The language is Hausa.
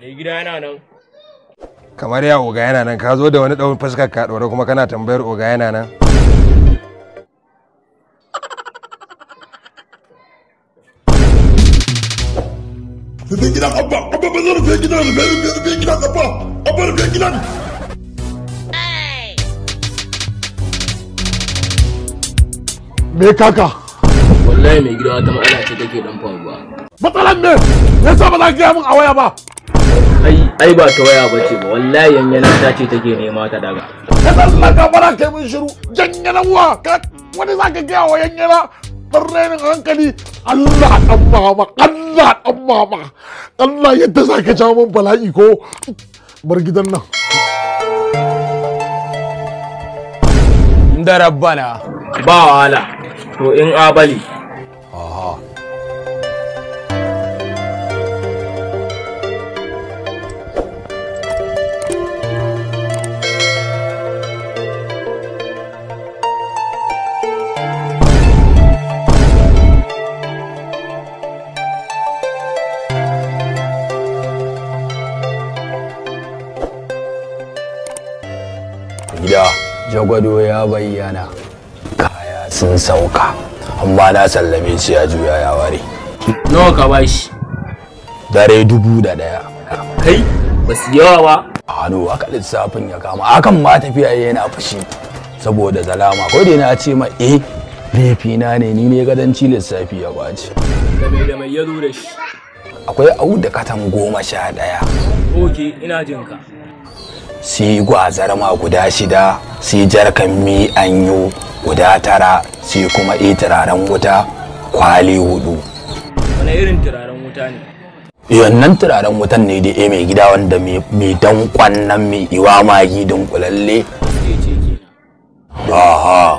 mai gida yana nan kamar ya oga yana nan ka zo da wani ɗaurin fuskar ka ɗaure kuma kana tambayar oga yana nan rufe gidan abba abba ba zan rufe gidan rufe gidan abba abba rufe gidan me kaka wallahi mai gida wata matsala ce take dan faruwa matsalan me yasa ba za ka gaya min a waya ba ai ba ta waya bace ba wallahi yanyana ta ce take nema ta daga ka san ka bara kai mun shiru yanyana wa ka wani zaka ga wa yanyana barrenin hankali Allah dan mama Allah dan mama Allah yadda zaka jawo min bala'i ko bar gidan nan da rabbana ba wala to in abali ya jagwado ya bayyana kaya sun sauka amma na sallame shi ya juya ya ware nawa ka bashi dare dubu da daya kai ba su yawa ba hannu aka lissafin ya kama akan ma tafiya yana fushi saboda zalama ko dai na ce ma eh laifina ne ni ne gadanci lissafi ya baci da mai da mai da shi akwai au da katan goma sha ɗaya. Oke, ina jinka. Sai yi gwazarma guda shida sai jarkan mi anyo guda tara sai kuma yi turaren wuta kwali hudu wani irin turaren wuta ne yannan turaren wutan ne da eh, mai gida wanda mai dan nan mai iwa magi dunkulalle aha